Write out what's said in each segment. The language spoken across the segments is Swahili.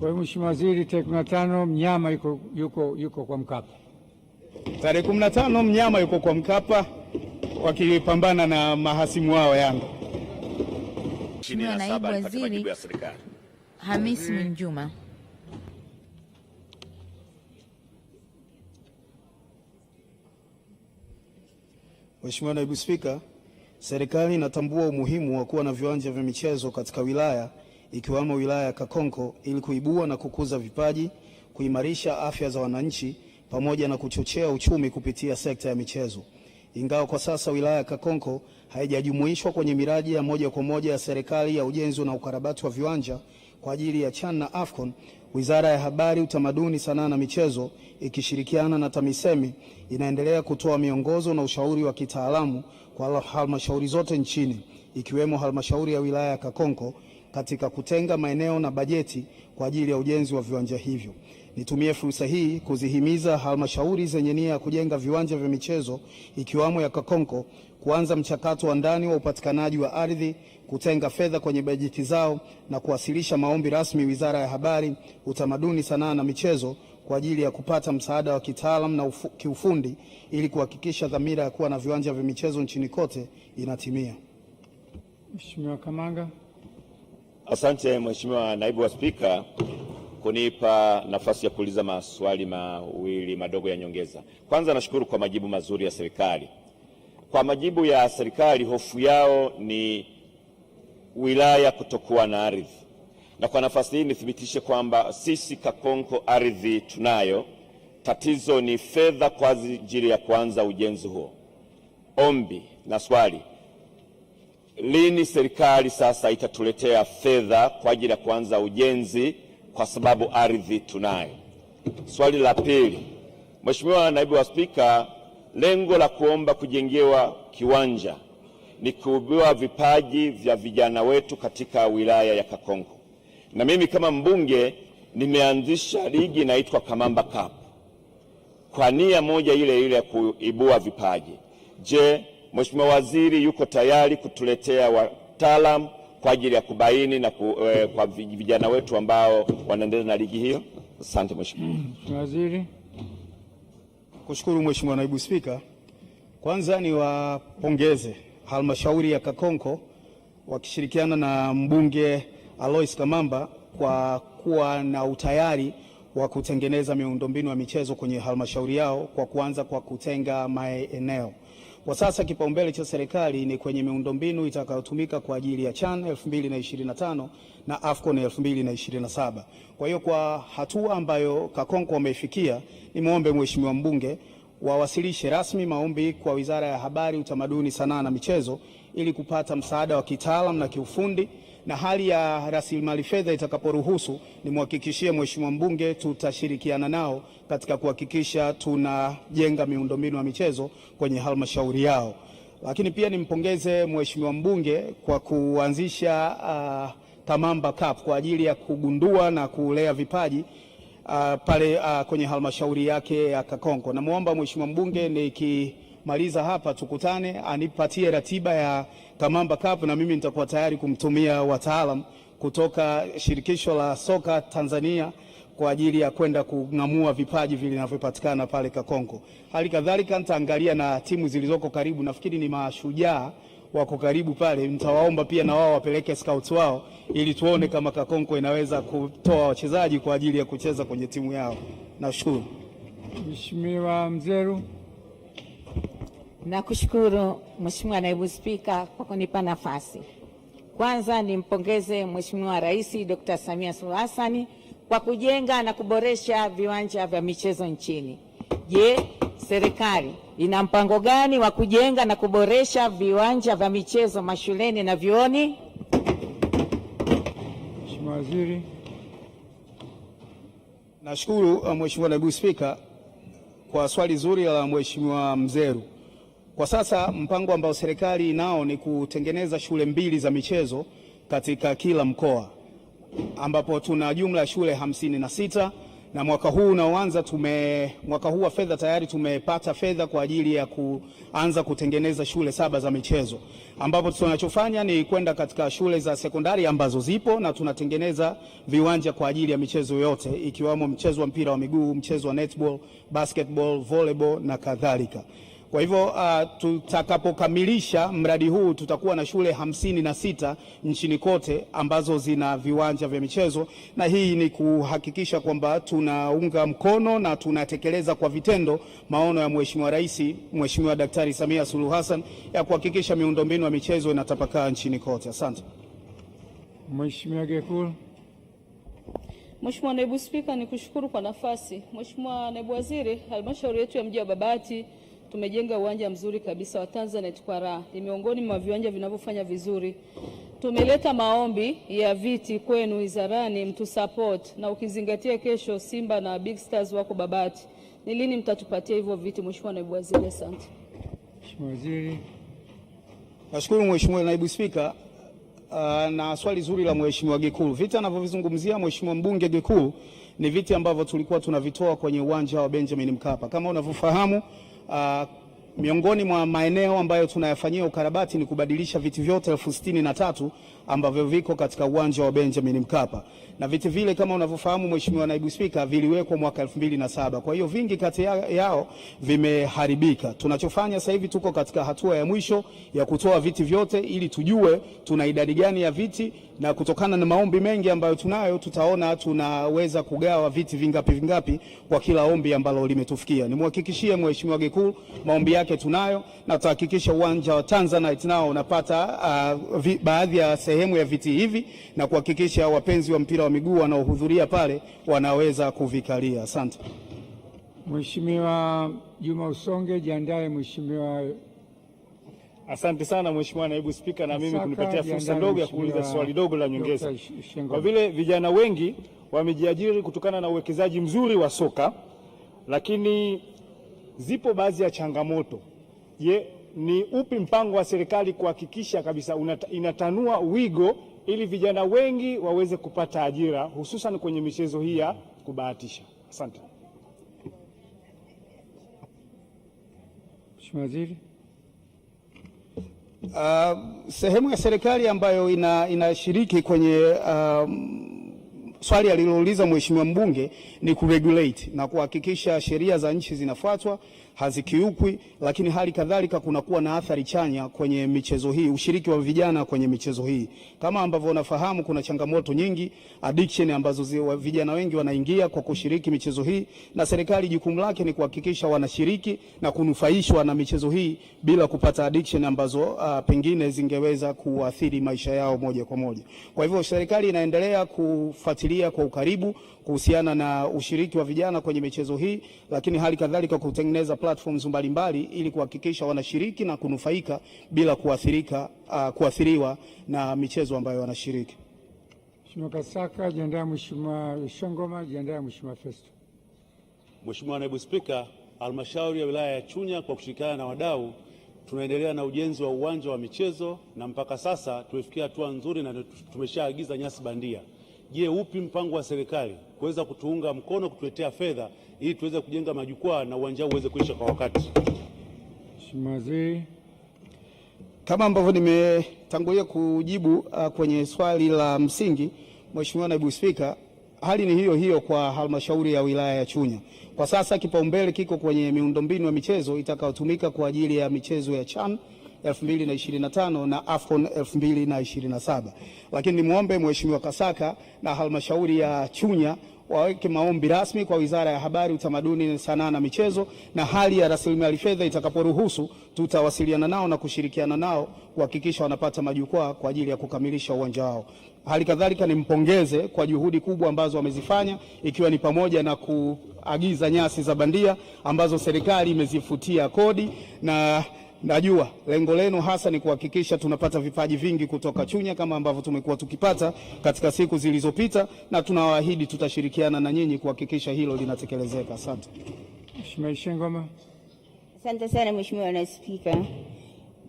Kwa hiyo Mheshimiwa Waziri, tarehe kumi tano mnyama yuko, yuko, yuko kwa Mkapa. Tarehe kumi tano mnyama yuko kwa Mkapa wakipambana na mahasimu wao Yanga. Mheshimiwa Naibu Waziri Hamisi Mwinjuma. Mheshimiwa Naibu Spika, serikali inatambua umuhimu wa kuwa na viwanja vya michezo katika wilaya ikiwemo wilaya ya Kakonko ili kuibua na kukuza vipaji, kuimarisha afya za wananchi pamoja na kuchochea uchumi kupitia sekta ya michezo. Ingawa kwa sasa wilaya ya Kakonko haijajumuishwa kwenye miradi ya moja kwa moja ya serikali ya ujenzi na ukarabati wa viwanja kwa ajili ya CHAN na AFCON, Wizara ya Habari, Utamaduni, Sanaa na Michezo ikishirikiana na TAMISEMI inaendelea kutoa miongozo na ushauri wa kitaalamu kwa halmashauri zote nchini ikiwemo halmashauri ya wilaya ya Kakonko katika kutenga maeneo na bajeti kwa ajili ya ujenzi wa viwanja hivyo. Nitumie fursa hii kuzihimiza halmashauri zenye nia ya kujenga viwanja vya michezo ikiwamo ya Kakonko kuanza mchakato wa ndani wa upatikanaji wa ardhi, kutenga fedha kwenye bajeti zao na kuwasilisha maombi rasmi Wizara ya Habari, Utamaduni, Sanaa na Michezo kwa ajili ya kupata msaada wa kitaalamu na ufu, kiufundi ili kuhakikisha dhamira ya kuwa na viwanja vya michezo nchini kote inatimia. Mheshimiwa Kamanga. Asante Mheshimiwa Naibu wa Spika kunipa nafasi ya kuuliza maswali mawili madogo ya nyongeza. Kwanza nashukuru kwa majibu mazuri ya serikali. Kwa majibu ya serikali, hofu yao ni wilaya kutokuwa na ardhi, na kwa nafasi hii nithibitishe kwamba sisi Kakonko ardhi tunayo, tatizo ni fedha kwa ajili ya kuanza ujenzi huo. Ombi na swali lini serikali sasa itatuletea fedha kwa ajili ya kuanza ujenzi, kwa sababu ardhi tunayo. Swali la pili, Mheshimiwa Naibu wa Spika, lengo la kuomba kujengewa kiwanja ni kuubiwa vipaji vya vijana wetu katika wilaya ya Kakonko, na mimi kama mbunge nimeanzisha ligi inaitwa Kamamba Cup kwa nia moja ile ile ya kuibua vipaji. Je, Mheshimiwa Waziri yuko tayari kutuletea wataalamu kwa ajili ya kubaini na ku, e, kwa vijana wetu ambao wanaendelea na ligi hiyo. Asante Mheshimiwa Waziri. Kushukuru Mheshimiwa Naibu Spika. Kwanza niwapongeze halmashauri ya Kakonko wakishirikiana na mbunge Alois Kamamba kwa kuwa na utayari wa kutengeneza miundombinu ya michezo kwenye halmashauri yao kwa kuanza kwa kutenga maeneo. Kwa sasa kipaumbele cha serikali ni kwenye miundombinu itakayotumika kwa ajili ya CHAN 2025 na AFCON 2027. Kwa hiyo kwa hatua ambayo Kakonko wameifikia, nimwombe Mheshimiwa mbunge wawasilishe rasmi maombi kwa Wizara ya Habari, Utamaduni, Sanaa na Michezo ili kupata msaada wa kitaalam na kiufundi na hali ya rasilimali fedha itakaporuhusu, nimhakikishie mheshimiwa mbunge tutashirikiana nao katika kuhakikisha tunajenga miundombinu ya michezo kwenye halmashauri yao. Lakini pia nimpongeze mheshimiwa mbunge kwa kuanzisha uh, Tamamba Cup kwa ajili ya kugundua na kulea vipaji uh, pale uh, kwenye halmashauri yake ya Kakonko. Namwomba mheshimiwa mbunge niki maliza hapa tukutane, anipatie ratiba ya Kamamba Cup na mimi nitakuwa tayari kumtumia wataalam kutoka shirikisho la soka Tanzania kwa ajili ya kwenda kung'amua vipaji vinavyopatikana pale Kakonko. Hali kadhalika nitaangalia na timu zilizoko karibu, nafikiri ni mashujaa wako karibu pale, nitawaomba pia na wao wapeleke scouts wao ili tuone kama Kakonko inaweza kutoa wachezaji kwa ajili ya kucheza kwenye timu yao. Nashukuru Mheshimiwa Mzeru. Nakushukuru Mheshimiwa Naibu Spika kwa kunipa nafasi. Kwanza nimpongeze Mheshimiwa Rais Dr. Samia Suluhu Hassan kwa kujenga na kuboresha viwanja vya michezo nchini. Je, serikali ina mpango gani wa kujenga na kuboresha viwanja vya michezo mashuleni na vyuoni? Mheshimiwa Waziri. Nashukuru uh, Mheshimiwa Naibu Spika kwa swali zuri la Mheshimiwa Mzeru. Kwa sasa mpango ambao serikali inao ni kutengeneza shule mbili za michezo katika kila mkoa, ambapo tuna jumla ya shule hamsini na sita na mwaka huu unaoanza tume mwaka huu wa fedha tayari tumepata fedha kwa ajili ya kuanza kutengeneza shule saba za michezo, ambapo tunachofanya ni kwenda katika shule za sekondari ambazo zipo na tunatengeneza viwanja kwa ajili ya michezo yote ikiwemo mchezo wa mpira wa miguu, mchezo wa netball, basketball, volleyball na kadhalika. Kwa hivyo uh, tutakapokamilisha mradi huu tutakuwa na shule hamsini na sita nchini kote ambazo zina viwanja vya michezo, na hii ni kuhakikisha kwamba tunaunga mkono na tunatekeleza kwa vitendo maono ya Mheshimiwa Rais, Mheshimiwa Daktari Samia Suluhu Hassan ya kuhakikisha miundombinu ya michezo inatapakaa nchini kote. Asante. Mheshimiwa Gekul. Mheshimiwa Naibu Spika, nikushukuru kwa nafasi. Mheshimiwa Naibu Waziri, halmashauri yetu ya mji wa Babati tumejenga uwanja mzuri kabisa wa Tanzanite kwa raha, ni miongoni mwa viwanja vinavyofanya vizuri. Tumeleta maombi ya viti kwenu wizarani, mtusupport, na ukizingatia kesho Simba na Big Stars wako Babati, ni lini mtatupatia hivyo viti, Mheshimiwa Naibu Waziri? Asante Mheshimiwa Waziri. Nashukuru Mheshimiwa Naibu Spika. Uh, na swali zuri la Mheshimiwa Gekulu. Viti anavyovizungumzia Mheshimiwa mbunge Gekulu ni viti ambavyo tulikuwa tunavitoa kwenye uwanja wa Benjamin Mkapa kama unavyofahamu 啊。Miongoni mwa maeneo ambayo tunayafanyia ukarabati ni kubadilisha viti vyote elfu sitini na tatu ambavyo viko katika uwanja wa Benjamin Mkapa, na viti vile kama unavyofahamu Mheshimiwa Naibu Spika, viliwekwa mwaka elfu mbili na saba. Kwa hiyo vingi kati yao vimeharibika. Tunachofanya sasa hivi, tuko katika hatua ya mwisho ya kutoa viti vyote ili tujue tuna idadi gani ya viti, na kutokana na maombi mengi ambayo tunayo, tutaona tunaweza kugawa viti vingapi vingapi kwa kila ombi ambalo limetufikia. Nimhakikishie Mheshimiwa Gekuu maombi yake yake tunayo na tutahakikisha uwanja wa Tanzanite nao unapata uh, vi, baadhi ya sehemu ya viti hivi na kuhakikisha wapenzi wa mpira wa miguu wanaohudhuria pale wanaweza kuvikalia. Asante. Mheshimiwa Juma Usonge, jiandae Mheshimiwa. Asante sana Mheshimiwa Naibu Spika na mimi kunipatia fursa ndogo ya kuuliza swali dogo la nyongeza. Kwa vile vijana wengi wamejiajiri kutokana na uwekezaji mzuri wa soka, lakini zipo baadhi ya changamoto. Je, ni upi mpango wa serikali kuhakikisha kabisa inatanua wigo ili vijana wengi waweze kupata ajira hususan kwenye michezo hii ya kubahatisha? Asante. Mheshimiwa Waziri. Uh, sehemu ya serikali ambayo inashiriki ina kwenye ah, swali alilouliza mheshimiwa mbunge ni kuregulate na kuhakikisha sheria za nchi zinafuatwa hazikiukwi, lakini hali kadhalika kunakuwa na athari chanya kwenye michezo hii, ushiriki wa vijana kwenye michezo hii. Kama ambavyo unafahamu, kuna changamoto nyingi, addiction ambazo zi, vijana wengi wanaingia kwa kushiriki michezo hii, na serikali jukumu lake ni kuhakikisha wanashiriki na kunufaishwa na michezo hii bila kupata addiction ambazo uh, pengine zingeweza kuathiri maisha yao moja kwa moja. Kwa hivyo serikali inaendelea kufuatilia kwa ukaribu kuhusiana na ushiriki wa vijana kwenye michezo hii, lakini hali kadhalika kutengeneza platforms mbalimbali ili kuhakikisha wanashiriki na kunufaika bila kuathirika, uh, kuathiriwa na michezo ambayo wanashiriki. Mheshimiwa Kasaka, jiandae. Mheshimiwa Shongoma, jiandae. Mheshimiwa Festo. Mheshimiwa Naibu Spika, Halmashauri ya Wilaya ya Chunya kwa kushirikiana na wadau tunaendelea na ujenzi wa uwanja wa michezo na mpaka sasa tumefikia hatua nzuri na tumeshaagiza nyasi bandia. Je, upi mpango wa serikali kuweza kutuunga mkono kutuletea fedha ili tuweze kujenga majukwaa na uwanja uweze kuisha kwa wakati. Mheshimiwa Waziri, kama ambavyo nimetangulia kujibu uh, kwenye swali la msingi, Mheshimiwa Naibu Spika, hali ni hiyo hiyo kwa halmashauri ya wilaya ya Chunya. Kwa sasa kipaumbele kiko kwenye miundombinu ya michezo itakayotumika kwa ajili ya michezo ya CHAN 2025 na AFCON 2027, lakini nimwombe Mheshimiwa Kasaka na halmashauri ya Chunya waweke maombi rasmi kwa Wizara ya Habari, Utamaduni, Sanaa na Michezo, na hali ya rasilimali fedha itakaporuhusu tutawasiliana nao na kushirikiana nao kuhakikisha wanapata majukwaa kwa ajili ya kukamilisha uwanja wao. Hali kadhalika nimpongeze kwa juhudi kubwa ambazo wamezifanya ikiwa ni pamoja na kuagiza nyasi za bandia ambazo serikali imezifutia kodi na Najua lengo lenu hasa ni kuhakikisha tunapata vipaji vingi kutoka Chunya kama ambavyo tumekuwa tukipata katika siku zilizopita, na tunawaahidi tutashirikiana na nyinyi kuhakikisha hilo linatekelezeka. Asante. Mheshimiwa Ishengoma. Asante sana Mheshimiwa na Spika.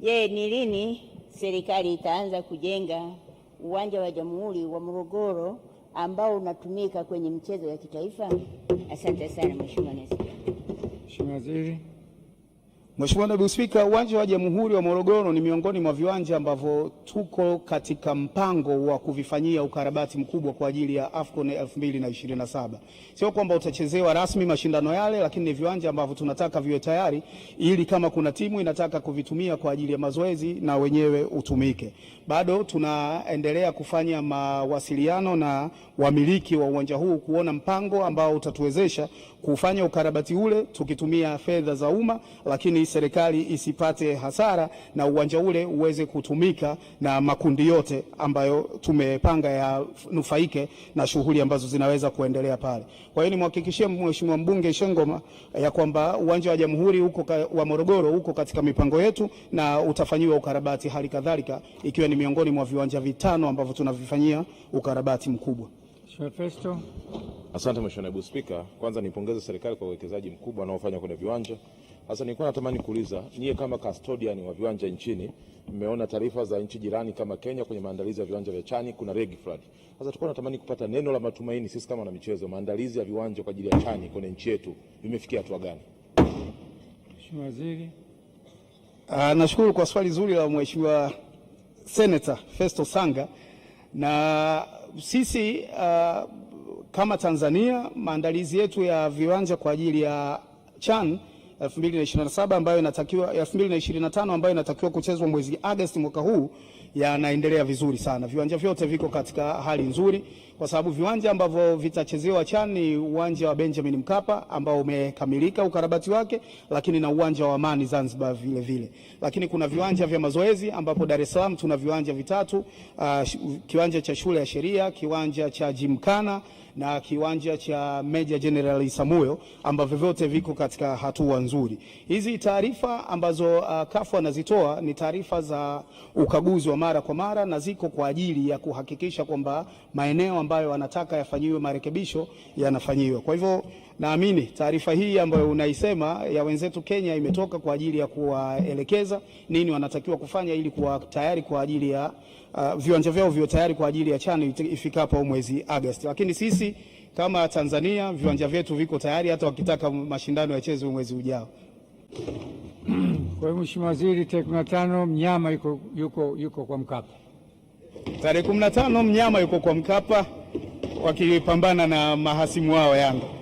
Je, ni lini serikali itaanza kujenga uwanja wa Jamhuri wa Morogoro ambao unatumika kwenye michezo ya kitaifa? Asante sana Mheshimiwa na Spika. Mheshimiwa Waziri. Mheshimiwa Naibu Spika, uwanja wa Jamhuri wa Morogoro ni miongoni mwa viwanja ambavyo tuko katika mpango wa kuvifanyia ukarabati mkubwa kwa ajili ya AFCON 2027. Sio kwamba utachezewa rasmi mashindano yale, lakini ni viwanja ambavyo tunataka viwe tayari ili kama kuna timu inataka kuvitumia kwa ajili ya mazoezi na wenyewe utumike. Bado tunaendelea kufanya mawasiliano na wamiliki wa uwanja huu kuona mpango ambao utatuwezesha kufanya ukarabati ule tukitumia fedha za umma lakini serikali isipate hasara na uwanja ule uweze kutumika na makundi yote ambayo tumepanga yanufaike na shughuli ambazo zinaweza kuendelea pale. Kwa hiyo nimhakikishie Mheshimiwa mbunge Shengoma eh, ya kwamba uwanja wa Jamhuri huko wa Morogoro huko katika mipango yetu na utafanyiwa ukarabati, hali kadhalika ikiwa ni miongoni mwa viwanja vitano ambavyo tunavifanyia ukarabati mkubwa. Asante Mheshimiwa Naibu Spika, kwanza nipongeze serikali kwa uwekezaji mkubwa wanaofanya kwenye viwanja sasa nilikuwa natamani kuuliza nyie kama custodian wa viwanja nchini, mmeona taarifa za nchi jirani kama Kenya kwenye maandalizi ya viwanja vya Chani kuna regi flood. Sasa tulikuwa natamani kupata neno la matumaini sisi kama na michezo maandalizi ya viwanja kwa ajili ya Chani kwenye nchi yetu vimefikia hatua gani? Mheshimiwa Waziri. Ah, nashukuru kwa swali zuri la Mheshimiwa Senator Festo Sanga na sisi uh, kama Tanzania maandalizi yetu ya viwanja kwa ajili ya Chan 2027 ambayo inatakiwa 2025 ambayo inatakiwa kuchezwa mwezi Agosti mwaka huu yanaendelea vizuri sana. Viwanja vyote viko katika hali nzuri, kwa sababu viwanja ambavyo vitachezewa CHAN ni uwanja wa Benjamin Mkapa ambao umekamilika ukarabati wake, lakini na uwanja wa Amani Zanzibar vile vile. Lakini kuna viwanja vya mazoezi ambapo Dar es Salaam tuna viwanja vitatu, uh, kiwanja cha shule ya sheria, kiwanja cha Jimkana na kiwanja cha Meja general Isamuyo ambavyo vyote viko katika hatua nzuri. Hizi taarifa ambazo uh, kafu anazitoa ni taarifa za ukaguzi wa mara kwa mara na ziko kwa ajili ya kuhakikisha kwamba maeneo ambayo wanataka yafanyiwe marekebisho yanafanyiwa. Kwa hivyo Naamini taarifa hii ambayo unaisema ya wenzetu Kenya imetoka kwa ajili ya kuwaelekeza nini wanatakiwa kufanya ili kuwa tayari kwa ajili ya uh, viwanja vyao vio tayari kwa ajili ya CHAN ifikapo mwezi Agosti. Lakini sisi kama Tanzania viwanja vyetu viko tayari, hata wakitaka mashindano yacheze mwezi ujao. Kwa hiyo Mheshimiwa Waziri, tarehe kumi mnyama yuko, yuko, yuko kwa Mkapa. Tarehe 15 tano mnyama yuko kwa Mkapa wakipambana na mahasimu wao Yanga.